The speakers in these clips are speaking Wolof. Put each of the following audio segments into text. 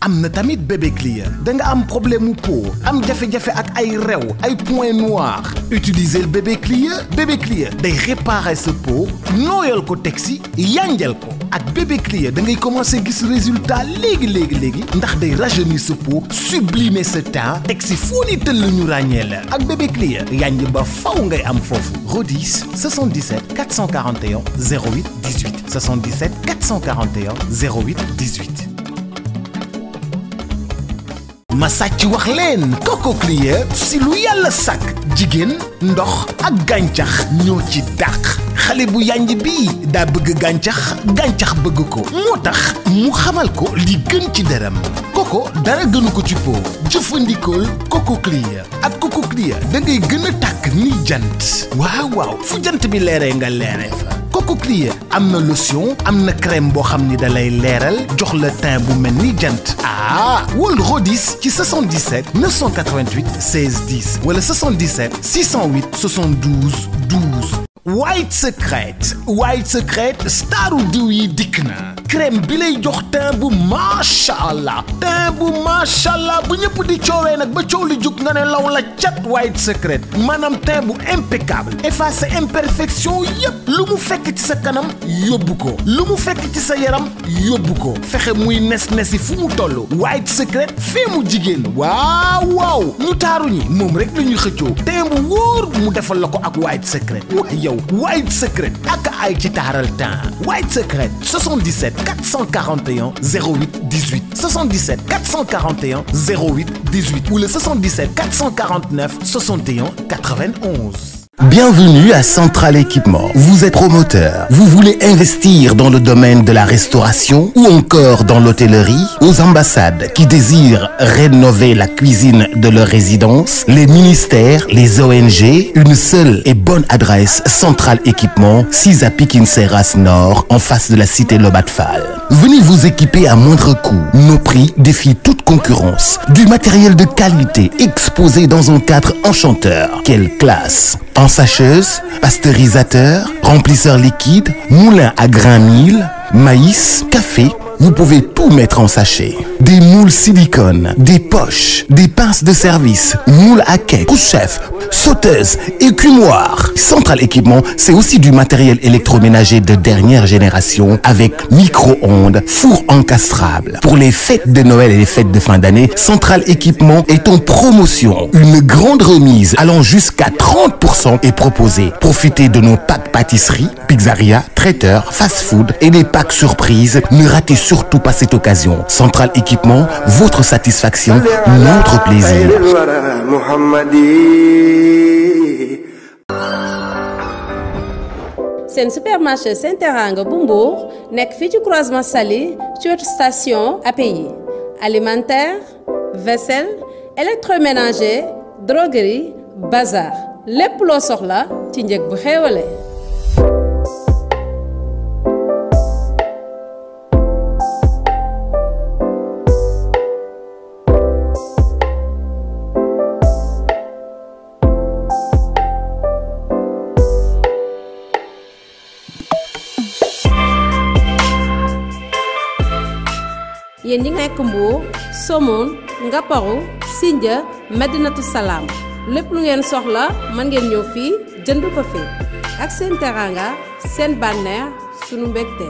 amna tamit bébé clear da nga am problème mu peau am jafe-jafe ak ay rew ay point noir utiliser bébé clear bébé clear day réparer po. peau noyel ko taxi At ko ak bébé clear da ngay commencer gis résultat légui légui légui ndax day rajeunir ce peau sublimer ce teint teg si foo ni tëll ñu ràññee ak bébé clear yanj ba faw ngay am fofu rodis 77 441 08 18 77 441 08 18 ma sàcc wax leen Coco Clear si lu yàlla sàkk jigéen ndox ak gàncax ñoo ci dàq xale bu yànj bi daa bëgg gàncax gàncax bëgg ko moo tax mu xamal ko li gën ci dërëm koko dara ko ci po jëfandikool Coco Clear ak Coco Clear da gën a tàkk ni jant waaw waaw fu jant bi leeree nga leere fa Coco am na lotion am na crème boo xam ni da lay leeral jox la teint bu mel ni jant ah, ci 77 988 16 10 wala 77 608 72 12. White Secret White Secret staru diw yi dikk na. crème bi lay jox teint bu macha allah teint bu macha allah bu ñëpp di coowee nag ba coow li jug nga ne law la cat white secret maanaam teint bu impeccable effacé imperfection yépp lu mu fekk ci sa kanam yóbbu ko lu mu fekk ci sa yaram yóbbu ko fexe muy nes nesi fu mu toll white secret fee mu jigéen waaw waaw ñu taaru ñi moom rek la ñuy xëccoo teint wóor mu defal la ko ak white secret waaye yow white secret ak ay ci taaral teint white secret 77 441 08 18 77 441 08 18 ou le 77 449 61 91 Bienvenue à Central Equipment. Vous êtes promoteur. Vous voulez investir dans le domaine de la restauration ou encore dans l'hôtellerie Aux ambassades qui désirent rénover la cuisine de leur résidence, les ministères, les ONG, une seule et bonne adresse Central Equipment, 6 à Serras Nord, en face de la cité Lobatfal. Venez vous équiper à moindre coût. Nos prix défient toute concurrence. Du matériel de qualité exposé dans un cadre enchanteur. Quelle classe sacheuse, pasteurisateur, remplisseur liquide, moulin à grain mille, maïs, café, vous pouvez tout mettre en sachet. Des moules silicone, des poches, des pinces de service, moules à quai, couche-chef, sauteuse, écumoire. Central Équipement, c'est aussi du matériel électroménager de dernière génération avec micro-ondes, four encastrable. Pour les fêtes de Noël et les fêtes de fin d'année, Central Équipement est en promotion. Une grande remise allant jusqu'à 30% est proposée. Profitez de nos packs pâtisserie, pizzeria, traiteur, fast-food et des packs surprises. Ne ratez surtout pas cette occasion. Central Équipement, votre satisfaction, notre plaisir. C'est un supermarché saint teranga Bumbour, Nek fit du croisement Salé. sur une station à payer, alimentaire vaisselle électroménager droguerie bazar Les plots soxla là, bu yéen ñi nekk Mbour Somone Ngaparou Sindia Madinatu Salaam lépp lu ngeen soxla mën ngeen ñëw fii jënd ko fi ak seen teranga seen bànneex sunu mbégte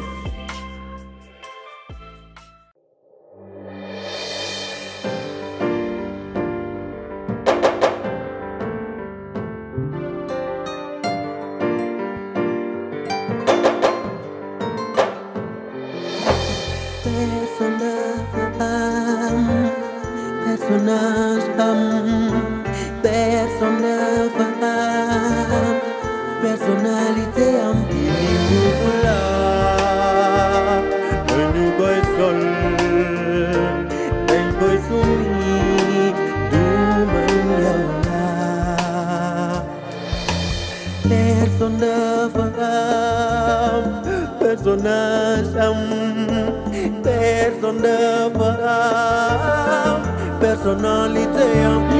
fără personalitate am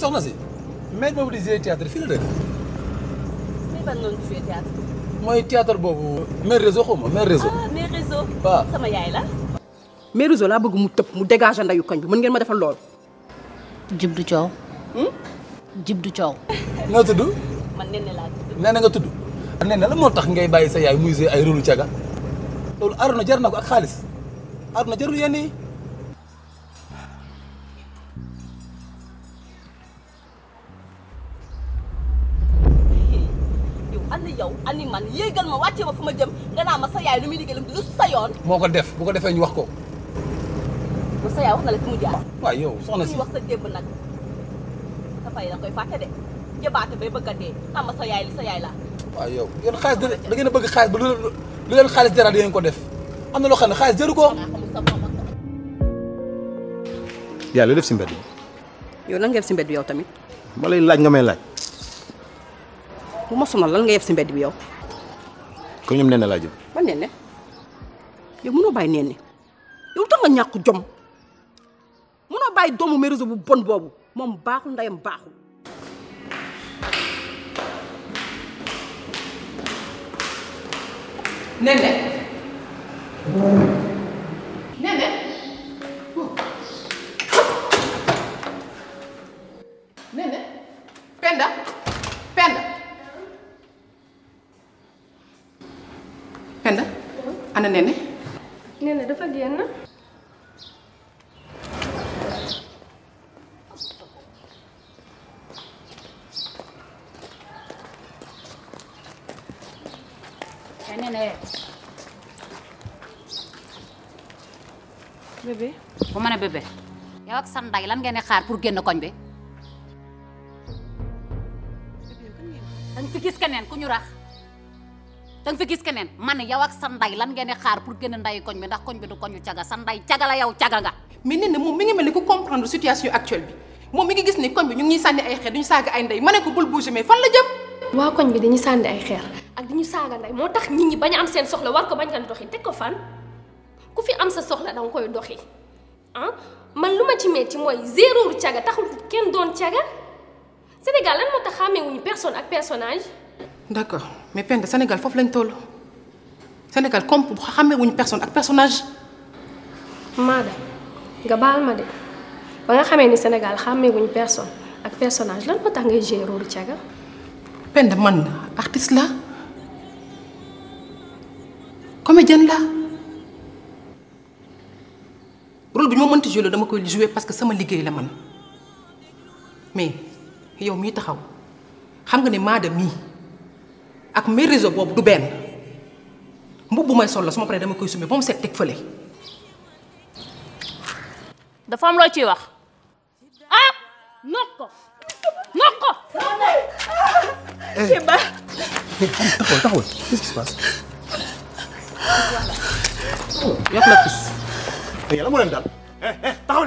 soxna si maître boobu di jouer théâtre fii la dëkk. muy ban noonu jouer théâtre. mooy théâtre boobu. mère réseau xaw ma mère réseau. ah réseau. la. bëgg mu tëb mu dégager ndayu koñ bi mën ngeen ma defal lool. jib du coow. Hmm? jib du coow. nga tudd. man Nene laa tudd. Nene Nene la moo tax ngay bàyyi sa yaay muy jouer ay rôle caga loolu aar na jar na ko ak xaalis aar na jarul yow ani man yéegal ma wàccee ma fu ma jëm nga naa ma sa yaay lu muy liggéey lu sa yoon. moo ko def bu ko defee ñu wax ko. bu sa yaay na si wax sa ma sa yaay li sa yaay laa. waaw yow yéen xaalis da ngeen a bëgg xaalis ba lu leen xaalis jaral yéen ko def am na loo xam ne xaalis jaru ko. yaa loo def si mbedd bi. yow nan nga def si mbedd bi yow tamit. ma lay nga may laaj. bu ma sonal lan nga yef si mbedd bi yow. comme ñoom nee na laa jëm. ba nee na yow mënoo bàyyi nee na ñàkk jom mënoo bàyyi doomu Merzo bu bon boobu moom baaxul ndeyam baaxul. nee ana nene nene dafa génn eh, nene bébé bu ma bébé yow ak sa lan ngeen di xaar pour génn koñ gis ku ñu rax dang fi gis keneen man yow ak sa nday lan ngeen xaar pour gën a nday koñ bi ndax koñ bi du koñu caga sa nday caga la yow caga nga mais nee na moom mi ngi mel ni comprendre situation actuelle bi moom mi ngi gis ni koñ bi ñu ngi sànni ay xeer duñu saaga ay ndey ma ne ko bul bouger mais fan la jëm waa koñ bi dañu sànni ay xeer ak dañu saaga ndey moo tax nit ñi bañ am seen soxla war ko bañ kan doxi teg ko fan ku fi am sa soxla danga koy doxi ah man lu ma ci metti mooy zéro caga taxul kenn doon caga sénégal lan moo tax xàmmewuñu personne ak personnage D'accord. mais le Sénégal fof lañ Le Sénégal comme xamé wuñ personne ak personnage. Madame, nga bal ma de ba nga xamé ni Sénégal xamé wuñ personne ak personnage lan motax ngay pas rôle Thiaga. Penda man artiste la comédienne la rôle jouer dama koy jouer parce que sama liggéey la man mais yow ne taxaw xam nga ne ak mes boobu du benn mbubb may sol la su ma paree dama koy summi ba mu set fële. dafa am loo ciy wax ah nokk ko nokk ko. Eh. Keba. taxawal taxawal oh, la kis. Eh, leen dal eh, taxaw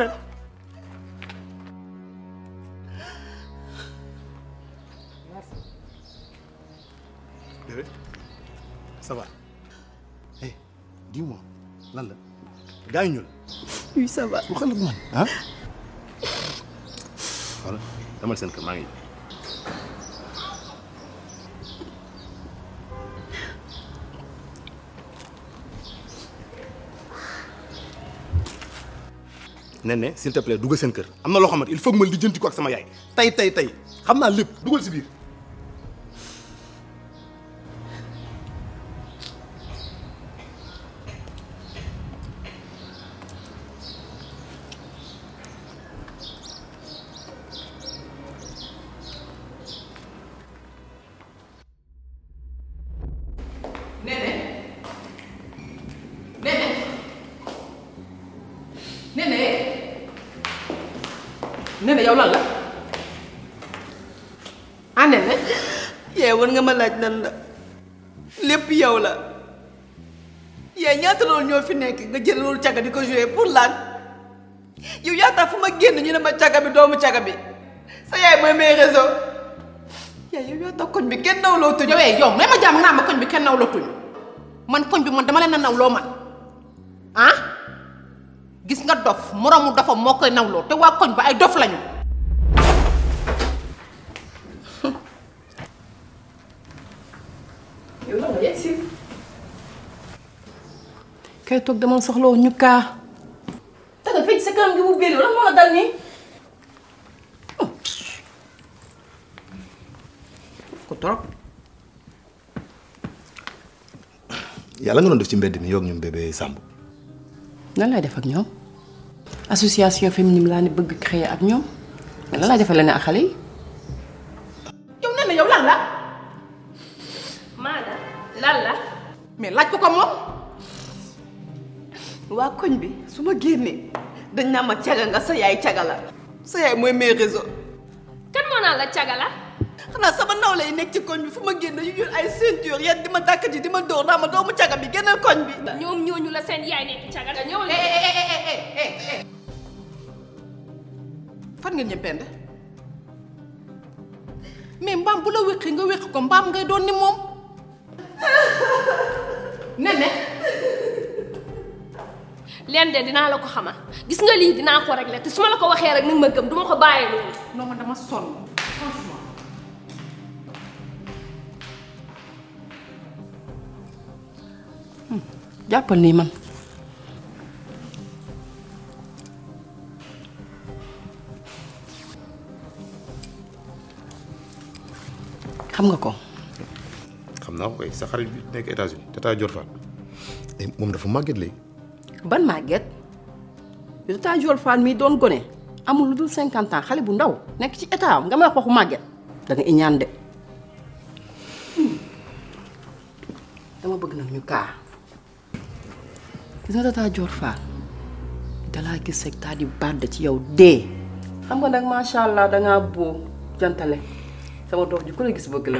ça va Hé, eh, dis-moi lan la oui ça va. Pourquoi le man hein voilà damal seen kër maa ngi. s'il te plaît il faut que ma lijjanti ko ak sama Je sais tout, laaj la lépp yow la yaay ñaata loolu ñoo fi nekk nga jël loolu caga di ko joué pour lan yow yaata fu ma génn ñu ne ma bi doomu caga bi sa yaay mooy may réseau yaay bi kenn naw loo tuñ yow eh, yow ma jàmm naa ma koñ bi kenn naw loo tuñ man koñ bi man dama leen a naw loo man ah gis nga dof moroomu dofam moo koy nawloo te waa koñ ba ay dof lañu kay toog dama soxla ñu kaa. yàlla nga doon def ci mbedd mi yoog ñoom bébé Samb. lan lay def ak ñoom. association féminine laa ne bëgg créer ak ñoom mais lan laa defal ne ak xale yi. yow nee yow lan la. maanaam lan la. mais laaj ko ko moom. waa koñ bi su ma génnee dañ naa ma caga nga sa yaay caga la sa yaay mooy mes réseaux kan moo naan la caga la xanaa sama naw lay nekk ci koñ bi fu ma génn yu jël ay ceinture yan di ma dàkk ji di ma dóor naa ma doomu caga bi génnal koñ bi ñoom ñooñu la seen yaay nekk caga la ñëwal eh, eh, eh, fan nga ñëppende mais mbaam bu la wéqi nga wéqi ko mbaam ngay doon ni moom nene leen de dinaa la ko xamal gis nga lii dinaa ko régler te su ma la ko waxee rek ni ma gëm du ma ko bàyyee loolu. non man dama sonn franchement. jàppal nii man. xam nga ko. xam naa ko kay sa xarit bi nekk États-Unis Tata Dior Fall moom dafa màgget léegi. ban màgget yu taa Jool Fall mii doon gone amul lu dul cinquante ans xale bu ndaw nekk ci état am nga may wax màgget da iñaan de dama bëgg nag ñu kaa gis nga taa Jool Fall dalaa gis rek taa di bàdd ci yow de xam nga nag macha allah dangaa boo jantale sama doom ji ku la gis bëgg la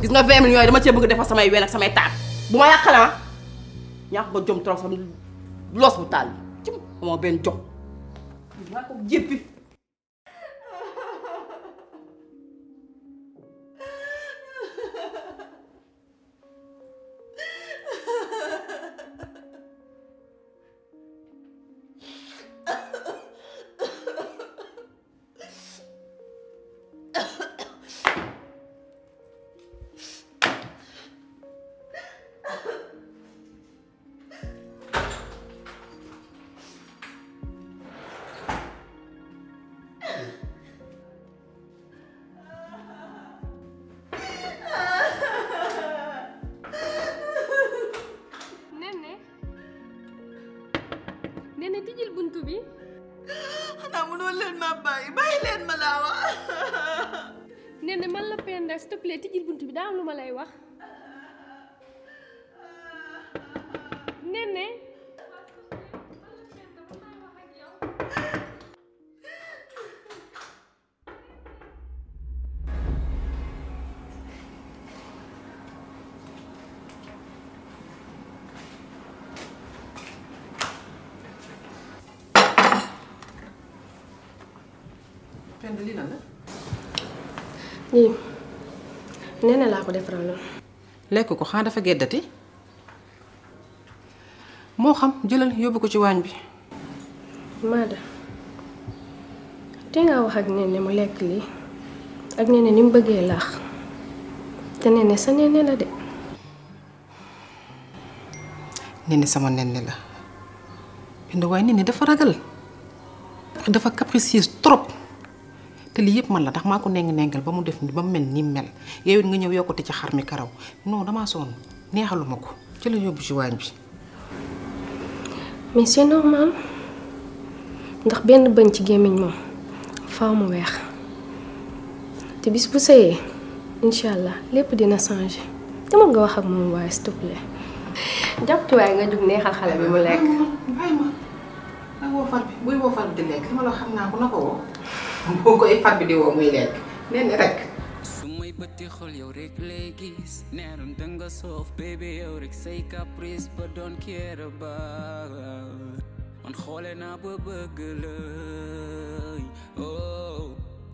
gis nga 20 millions dama cee bëgg defar samay ween ak samay taat bu ma yàqal ah ñàkk ba jom trop sam los bu taal ci moo benn jom maa ko jéppi lii lan la. lii nee na laa ko defaraloon. lekk ko xanaa dafa geddati moo xam jëlal yóbbu ko ci waañ bi. te ngaa wax ak Néné mu lekk lii ak Néné ni mu bëggee laax te Néné sa Néné la de. Néné sama Néné la. bind waaye Néné dafa ragal dafa capricieuse trop. te lii yëpp man la ndax maa ko neng-nengal ba mu def ni ba mu mel ni mel yow it nga ñëw yokkute ci xar mi karaw non damaa sonn neexaluma ko ci la yóbbu ci waañ bi. benn bañ ci gémmiñ moom mu weex te bis bu sëyee lépp dina changé dama nga wax ak moom waaye s'il jàpp waaye nga jug neexal xale bi mu lekk. boo koy fat bi di woo muy lekk nee na su may bëtti xol yow rek lay gis neerum danga soof bébé yow rek say caprice ba doon kéer ba man xoole naa ba bëgg lay oh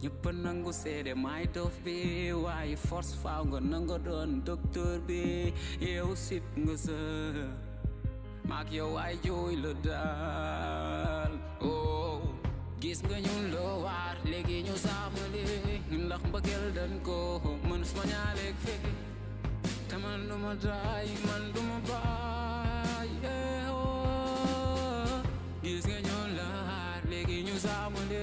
ñëpp nangu seede maay dof bi waaye force faaw nga nanga doon docteur bi yow sip nga sa maak yow ay jooy la daal oh gis nga ñun loo léegi ñu saamali ndax mbëggeel dañ ko mën suma ñaaleeg fekki te man duma ma daay man du ma baay eh, oh. gis nga ñoon laar léegi ñu saamali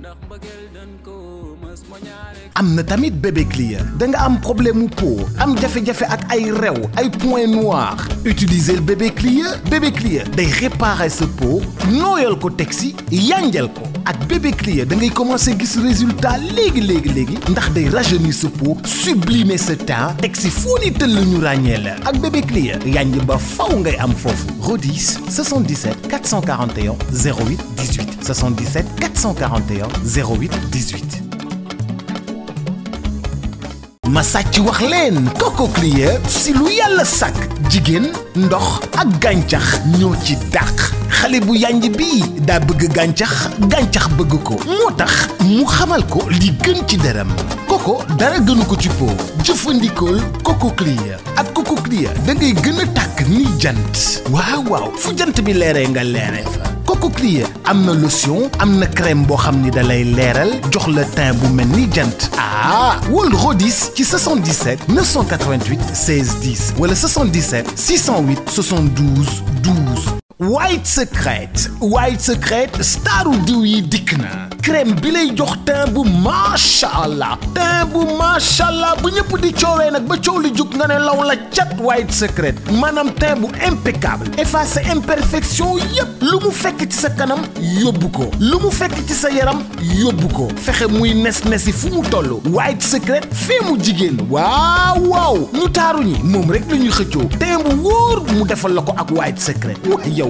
ndax mbëggeel dañ ko mën suma ñaaleeg am tamit bébé clear da nga am problème mu peau am jafé jafé ak ay rew ay point noir utiliser le bébé clear bébé clear day réparer ce peau noyel ko taxi si ko ak bébé clear da ngay commencer gis résultat légui légui légui ndax day rajeunir sa peau sublimer sa teint teg si foo ni tëll ñu ak bébé clear il ba faw ngay am rodis 77 441 08 18 77 441 08 18 ma sàcc wax leen Coco Clear si lu yàlla sàkk jigéen ndox ak gàncax ñoo ci dàq xale bu yànj bi daa bëgg gàncax gàncax bëgg ko moo tax mu xamal ko li gën ci deram Coco dara gënu ko ci po jëfandikool Coco Clear ak Coco Clear dangay ngay gën a tàkk ni jant waaw fu jant bi leeree nga leere Coco Clear lotion amna crème boo xam ni jox le teint bu melni jant ah Rodis 77 988 16 10 wala 77 608 72 12. White Secret White Secret staru diw yi dikk na crème bi lay jox teint bu macha allah teint bu macha allah bu ñëpp di coowee nag ba coow li jug nga ne law la cat White Secret maanaam teint bu impeccable effacé imperfection yépp lu mu fekk ci sa kanam yóbbu ko lu mu fekk ci sa yaram yóbbu ko fexe muy nes nesi fu mu toll White Secret fee mu jigéen waaw waaw ñu taaru ñi moom rek la ñuy xëccoo teint wóor mu defal la ko ak White Secret waaye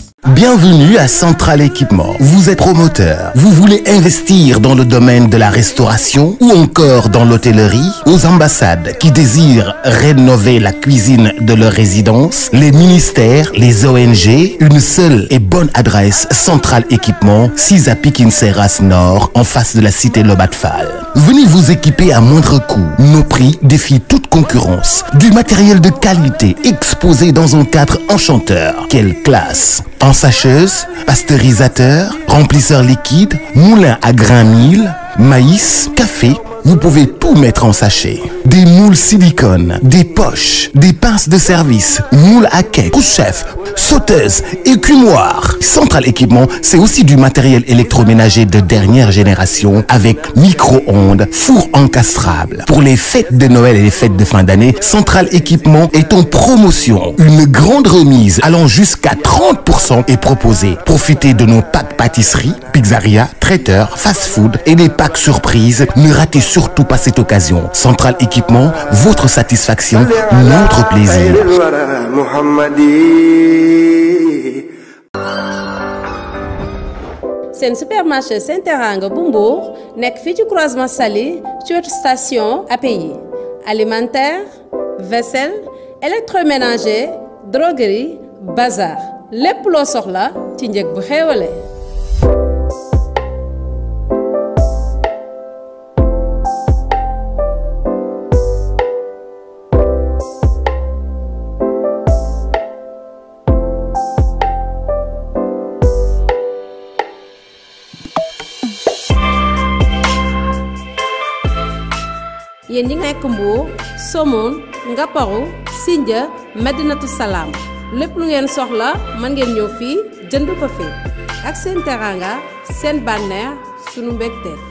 Bienvenue à Central Equipment. Vous êtes promoteur. Vous voulez investir dans le domaine de la restauration ou encore dans l'hôtellerie Aux ambassades qui désirent rénover la cuisine de leur résidence, les ministères, les ONG, une seule et bonne adresse Central Equipment, 6 à Nord, en face de la cité Lobatfal. Venez vous équiper à moindre coût. Nos prix défient tout concurrence. Du matériel de qualité exposé dans un cadre enchanteur. Quelle classe Ensacheuse, pasteurisateur, remplisseur liquide, moulin à grains mille, maïs, café, vous pouvez tout mettre en sachet. Des moules silicone, des poches, des pinces de service, moules à quai, couche-chef, sauteuses, écumoire. Central Équipement, c'est aussi du matériel électroménager de dernière génération avec micro-ondes, four encastrable. Pour les fêtes de Noël et les fêtes de fin d'année, Central Équipement est en promotion. Une grande remise allant jusqu'à 30% est proposée. Profitez de nos packs pâtisserie, pizzeria, traiteur, fast-food et des packs surprises. Ne ratez surtout pas cette occasion. Central Équipement, votre satisfaction, notre plaisir. C'est une supermarché saint teranga bu Nek fi croisement salé sur une station à payer. alimentaire vaisselle électroménager droguerie bazar Les plots soxla ci bu nekk Mbour Somone Ngaparou Sindia Medinatu Salaam lépp lu ngeen soxla mën ngeen ñëw fii jënd ko fi ak seen teranga seen bànneex sunu mbégte.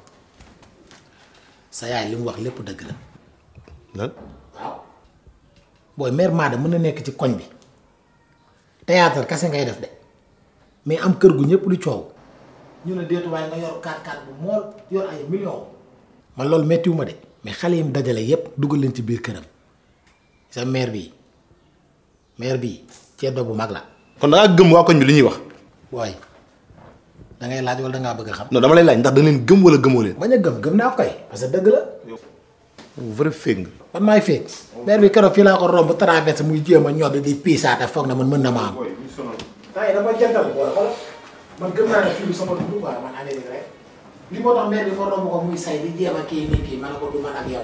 sa yaay li mu wax lépp dëgg la. booy mère Maada mën na nekk ci koñ bi théâtre kase ngay def de mais am kër gu ñëpp lu coow. ñu ne déet waaye nga yor kaat kaat bu mool yor ay millions. man loolu méttiwuma de mais xale yi mu dajale yépp dugal leen ci biir këram sa mère bi mère bi ceeb bu mag la. kon da ngaa gëm waa koñ bi li ñuy wax. waay. da ngay laaj wala da ngaa bëgg a xam. non dama lay laaj ndax da leen gëm wala gëmoo leen. bañ gëm gëm naa ko kay parce que dëgg la. vrai feeg man maay feeg. maire bi keroog fii laa ko romb traversé muy jéem a di piisaate foog na man mën na ma am. tay dama man gëm sama dund quoi man année rek li moo tax maire bi fa romb ko muy say di jéem a kii nii kii ko du man ak yow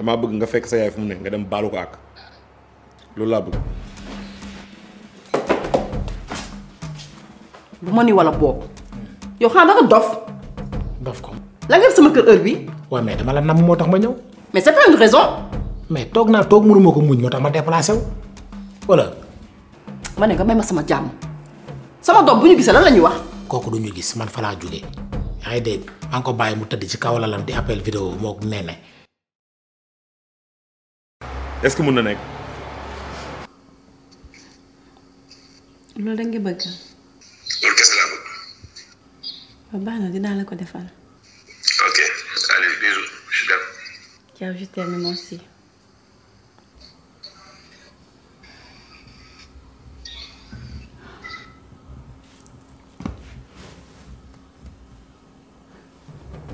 dama bëgg nga fekk sa yaay fu mu ne nga dem baalu ko ak loolu laa bëgg du ma ni wala boobu yow xanaa danga dof dof ko la nga sama kër heure bi waaw mais dama la nam moo tax ma ñëw mais c'est pas une raison mais toog naa toog mënuma ko muñ moo tax ma déplacé wu wala ma ne nga may ma sama jàmm sama doom bu ñu gisee lan la ñuy wax kooku du ñu gis man fa laa yaa ngi dégg maa ngi ko bàyyi mu tëdd ci kaw di appel vidéo nee ne est-ce que mun na nekk. loolu da nga bëgg. lol kess la bëgg. ba baax na dinaa la ko defal. ok allez bisous je t'aime. ciao je t'aime moi aussi.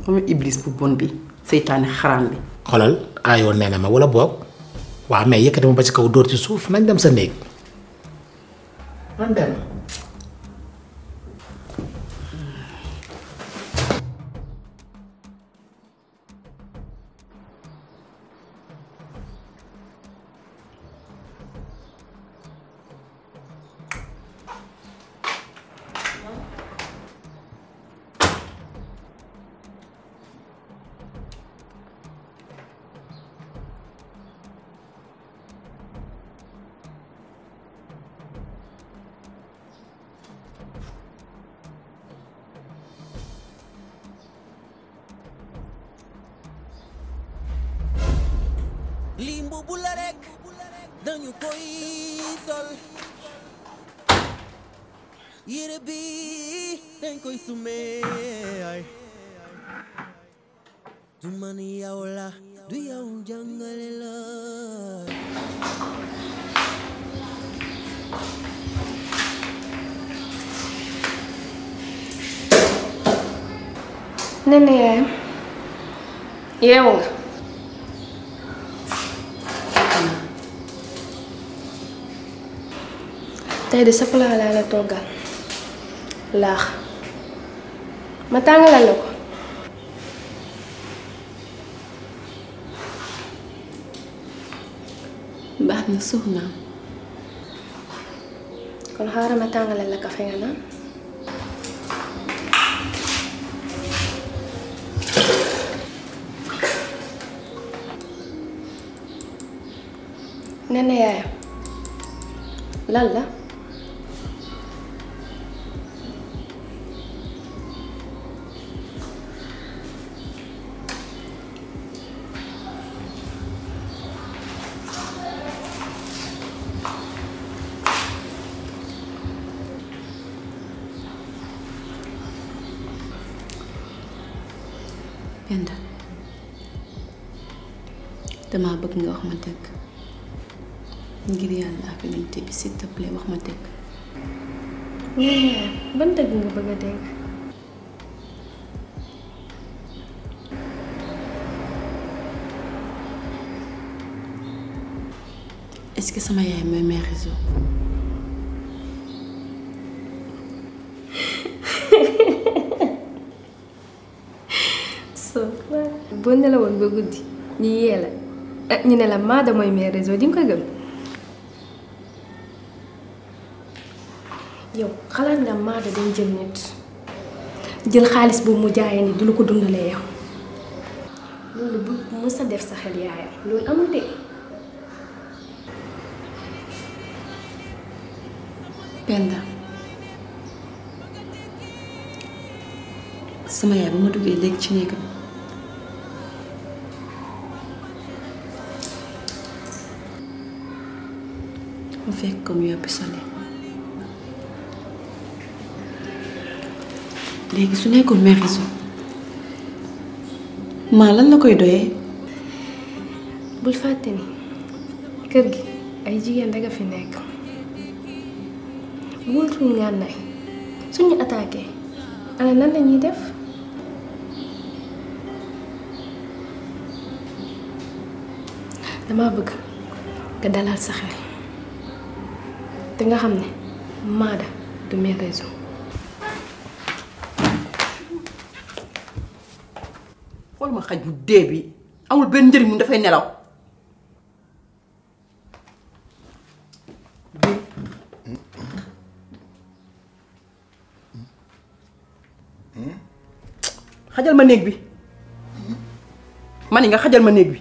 comme iblis bu bon bi seytaane xaraam bi. xoolal aayoon nee na ma wala boog. waaw mais yëkkati ma ba ci kaw dóor ci suuf nañ dem sa néeg man mbubu la rek dañu koy sol yére bi dañ koy sumee ay du man yow la du yow jàngale la Nenê, eu tey de sa plat laa la toggal laax ma tàngalal ko baax na soxna kon xaaral ma tàngalal la kafe nga naan nee yaayam lan la bi nga wax ma dëgg ngir yàlla ak yonente bi s'il te wax ma dëgg. ban dëgg nga bëgg a sama yaay mooy may réseau. boo nelawoon ba guddi ñu yee la Eh, ñu ne la Maada mooy meilleur réseau di nga koy gëm. yow xalaat nga Maada dañ jël nit jël xaalis boobu mu jaayee ni du lu ko dundalee yow loolu bu mës a def sa xel yaayam loolu amul de. Penda sama yaay ba ma duggee léegi ci néegam. fait comme yow bi sole léegi su nekkul meriso maa lan la koy doyee bul fàtte ni kër gi ay jigéen rek fi nekk wultul ngànnaay suñu attaqué ana nan la def dama bëgg nga dalal sa xel te nga xam demi maada du mes raisons xool ma xaj bu dee bi amul benn njëriñ mu dafay nelaw xajal ma bi man nga xajal ma bi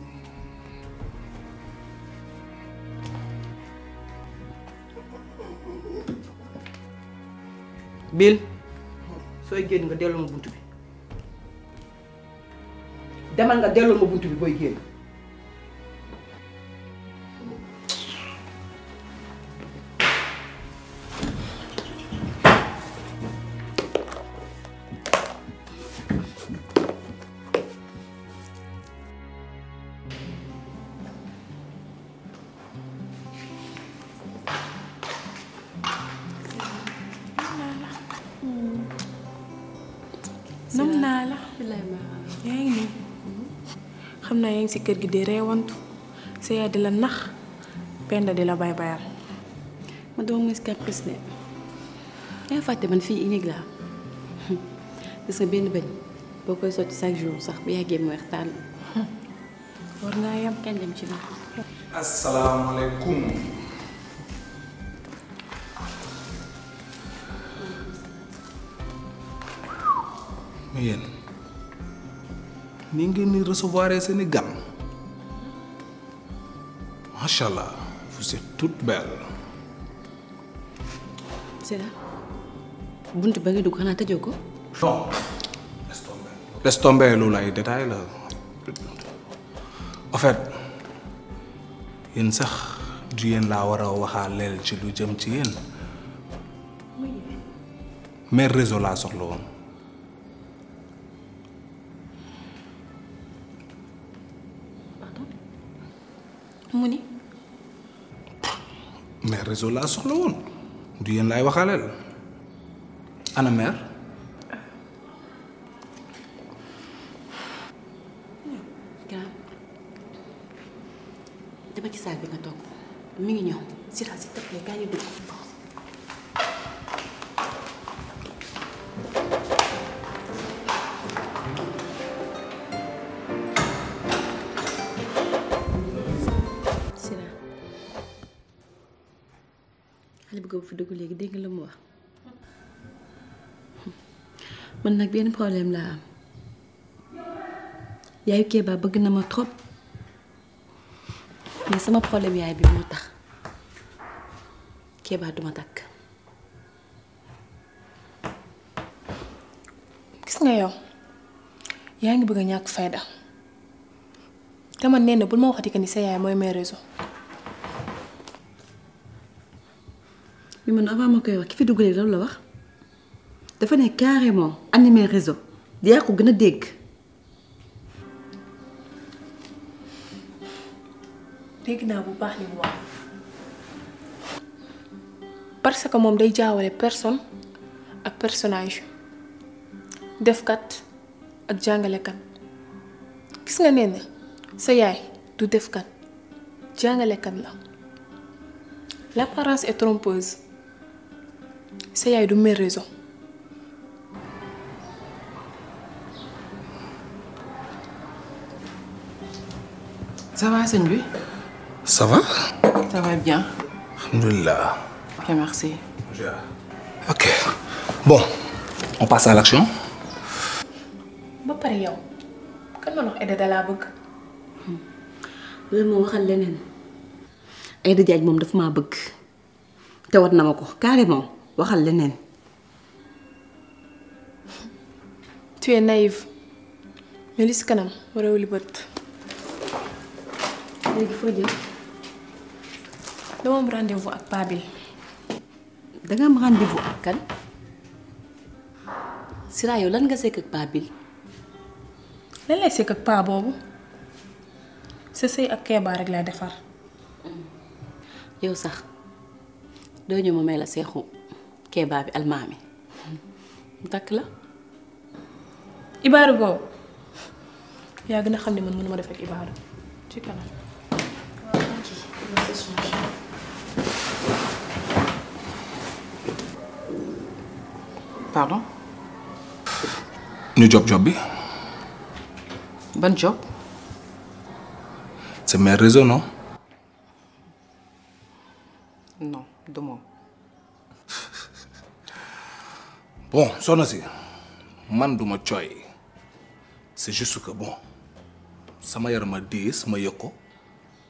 biin sooy génn nga delloo ma bunt bi demal nga delloo ma bunt bi booy génn si kër gi di reewantu sa yaay la nax penda di la bay bayal ma doom mis caprice de yaa fàtte man fii unique laa gis nga benn bañ boo koy sotti chaque jour sax bu yàggee mu weex tàll war ngaa yam kañ dem ci ma asalaamaaleykum mu ni ngeen ni recevoir vous êtes toutes belles. là..! buntu ba de dugg xanaa tëjoo ko. non laisse tomber laisse tomber détails la en fait yéen sax du yéen laa de a ci lu jëm ci mais réseau laa soxla mais réseau laa soxla woon du yéen laay waxaaleel ana mère nag benn problème laa am yaayu Kéba bëgg na ma trop mais sama problème yaay bi moo tax Kéba duma takk gis nga yow yaa ngi bëgg ñàkk fayda te man nee na bul ma waxati que ni sa yaay mooy mes réseaux. bi man avant ma koy wax ki fi dugg léegi loolu la wax. dafa ne carrément animé réseau yaa ko gëna dégg. dégg naa bu baax li mu wax parce que moom day jaawale personne ak personnage defkat ak jàngalekat gis nga nee na sa yaay du defkat jàngalekat la l'apparence est trompeuse sa yaay du mère raison ça va c'est lui. ça va. ça va bien. Alhamdulillah. ok merci. ok bon on passe à l'action. ba par yow kan hmm. ma aide à da bëgg. loolu je waxal là. Je Diagne tu es naïve mais li si kanam warewul léegi foo jëm. dama am rendez-vous ak paa bi. am rendez ak kan. Sira yow lan nga sekk ak paa bi. lan lay sekk ak paa boobu. sa sëy ak keebaa rek lay defar. yow sax doo ñëw ma may la seexu keebaa bi almaami mu takk la. ibaaru boobu yaa gën a xam ne man mënuma def ak ibaaru ci kanam. pardon. ñu job job Bon ban job. c'est mes réseaux non. non du moom. bon ça si man je cooy c'est juste que bon ça m'a dit, diis ma yoko.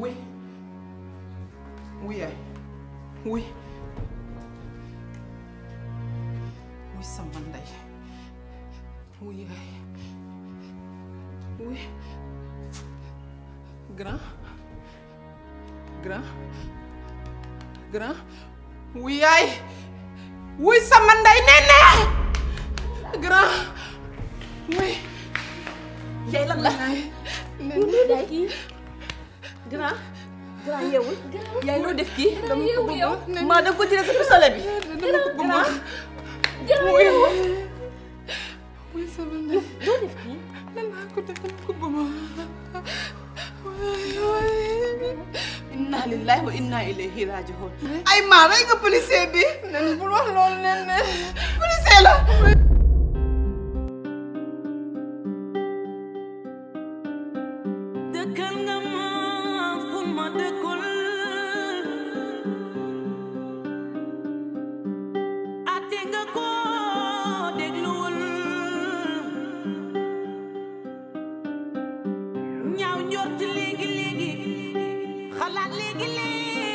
Oui. Oui, hein. Oui. Oui. Oui, Samandai. Hein. Oui, Oui. Grand. Grand. Grand. Oui, aïe. Oui, Samandai. néné. Grand. Oui. def kii. dama ko bëggoon maa da nga ko tiré sa pistolet bi. dama ko bëggoon jërëjëf mooy sama ndey. doo def kii. lan laa ko def dama ko bëggoon. inna lillahi wa inna ilayhi raji'un. ay maa rey nga policier bi. nen bul wax loolu nen ne policier la. ñaaw njort léegi léegi xalaat léegi léegi